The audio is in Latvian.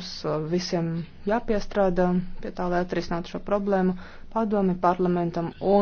Mums uh, visiem jāpiestrādā pie tā, lai atrisinātu šo problēmu padomi parlamentam un.